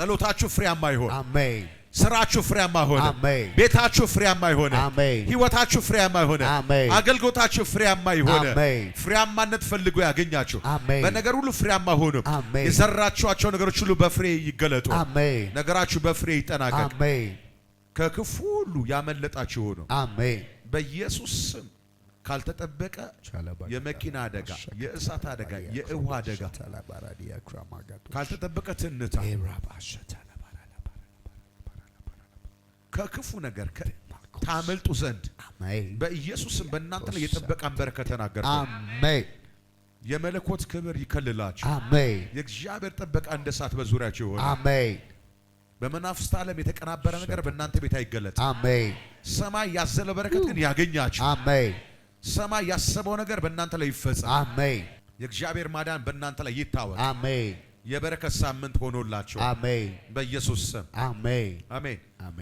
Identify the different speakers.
Speaker 1: ጸሎታችሁ ፍሬያማ ይሆን። አሜን። ስራችሁ ፍሬያማ ይሆን። አሜን። ቤታችሁ ፍሬያማ ይሆን። አሜን። ህይወታችሁ ፍሬያማ ይሆን። አሜን። አገልግሎታችሁ ፍሬያማ ይሆን። ፍሬያማነት ፈልጎ ያገኛችሁ። በነገር ሁሉ ፍሬያማ ሆኑ። የዘራችኋቸው ነገሮች ሁሉ በፍሬ ይገለጡ። አሜን። ነገራችሁ በፍሬ ይጠናቀቅ። አሜን። ከክፉ ሁሉ ያመለጣችሁ ሆኑ። አሜን። በኢየሱስ ስም ካልተጠበቀ የመኪና አደጋ፣ የእሳት አደጋ፣ የውሃ አደጋ ካልተጠበቀ ትንታ ከክፉ ነገር ታመልጡ ዘንድ በኢየሱስም በእናንተ ላይ የጥበቃ በረከት ተናገር። የመለኮት ክብር ይከልላችሁ። አሜን። የእግዚአብሔር ጥበቃ እንደ እሳት በዙሪያችሁ ይሆናል። አሜን። በመናፍስት ዓለም የተቀናበረ ነገር በእናንተ ቤት አይገለጥ። አሜን። ሰማይ ያዘለ በረከት ግን ያገኛችሁ። አሜን። ሰማይ ያሰበው ነገር በእናንተ ላይ ይፈጸም። አሜን። የእግዚአብሔር ማዳን በእናንተ ላይ ይታወቅ። አሜን። የበረከት ሳምንት ሆኖላችሁ። አሜን። በኢየሱስ ስም አሜን። አሜን።